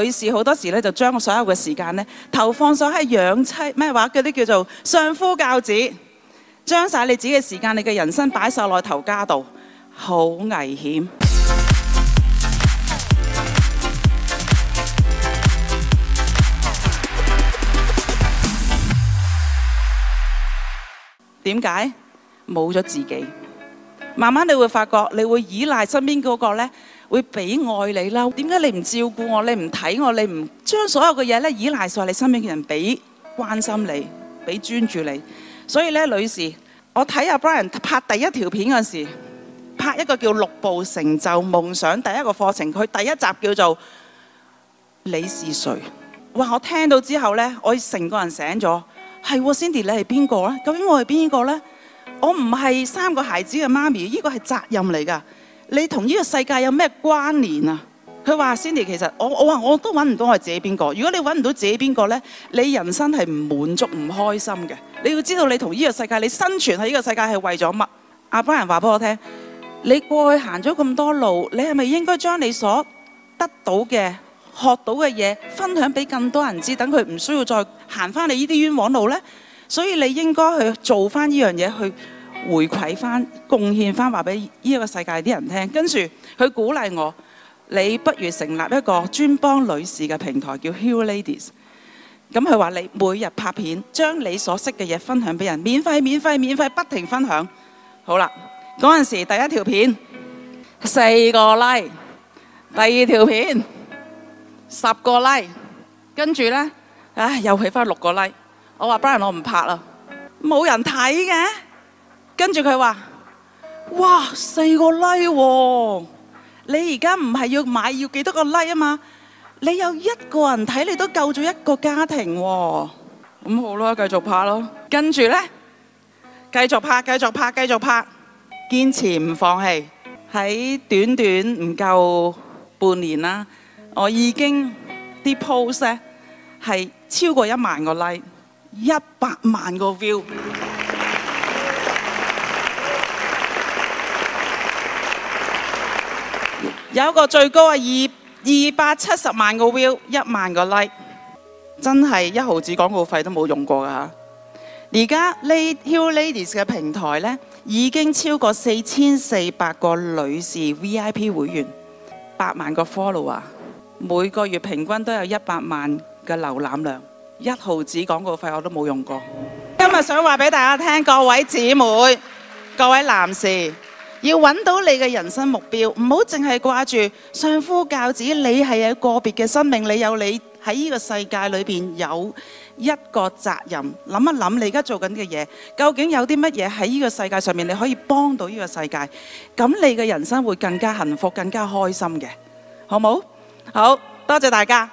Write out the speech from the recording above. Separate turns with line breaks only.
女士好多時咧就將所有嘅時間咧投放咗喺養妻，咩話嗰啲叫做相夫教子，將晒你自己嘅時間、你嘅人生擺晒落頭家度，好危險。點解冇咗自己？慢慢你會發覺，你會依賴身邊嗰個咧，會俾愛你啦。點解你唔照顧我？你唔睇我？你唔將所有嘅嘢，咧依賴在你身邊嘅人俾關心你，俾專注你。所以咧，女士，我睇阿 Brian 拍第一條片嗰時候，拍一個叫六步成就夢想第一個課程，佢第一集叫做你是誰。哇！我聽到之後咧，我成個人醒咗。係喎 Cindy，你係邊個咧？究竟我係邊個咧？我唔係三個孩子嘅媽咪，呢個係責任嚟㗎。你同呢個世界有咩關聯啊？佢話：Cindy，其實我我話我都揾唔到我自己邊個。如果你揾唔到自己邊個呢，你人生係唔滿足、唔開心嘅。你要知道你同呢個世界，你生存喺呢個世界係為咗乜？亞邦話俾我聽你過去行咗咁多路，你係咪應該將你所得到嘅、學到嘅嘢分享俾更多人知，等佢唔需要再行翻你呢啲冤枉路呢，所以你應該去做翻呢樣嘢去。回饋翻，貢獻翻話俾呢一個世界啲人聽，跟住佢鼓勵我，你不如成立一個專幫女士嘅平台，叫 Hero Ladies。咁佢話：你每日拍片，將你所識嘅嘢分享俾人，免費、免費、免費，不停分享。好啦，嗰陣時第一條片四個 like，第二條片十個 like，跟住呢，唉、哎、又起翻六個 like。我話：Brian，我唔拍啦，冇人睇嘅。跟住佢話：哇，四個 like 喎、哦！你而家唔係要買要幾多個 like 啊嘛？你有一個人睇，你都救咗一個家庭喎、哦！咁、嗯、好啦，繼續拍咯。跟住呢，繼續拍，繼續拍，繼續拍，堅持唔放棄。喺短短唔夠半年啦，我已經啲 post 呢，係超過一萬個 like，一百萬個 view。有個最高啊，二二百七十萬個 view，一萬個 like，真係一毫子廣告費都冇用過噶。而家 Hero Ladies 嘅平台呢，已經超過四千四百個女士 VIP 會員，八萬個 follower，每個月平均都有一百萬嘅瀏覽量，一毫子廣告費我都冇用過。今日想話俾大家聽，各位姊妹，各位男士。要搵到你嘅人生目標，唔好淨係掛住相夫教子。你係有個別嘅生命，你有你喺呢個世界裏面有一個責任。諗一諗，你而家做緊嘅嘢，究竟有啲乜嘢喺呢個世界上面你可以幫到呢個世界，咁你嘅人生會更加幸福、更加開心嘅，好冇好？好多謝大家。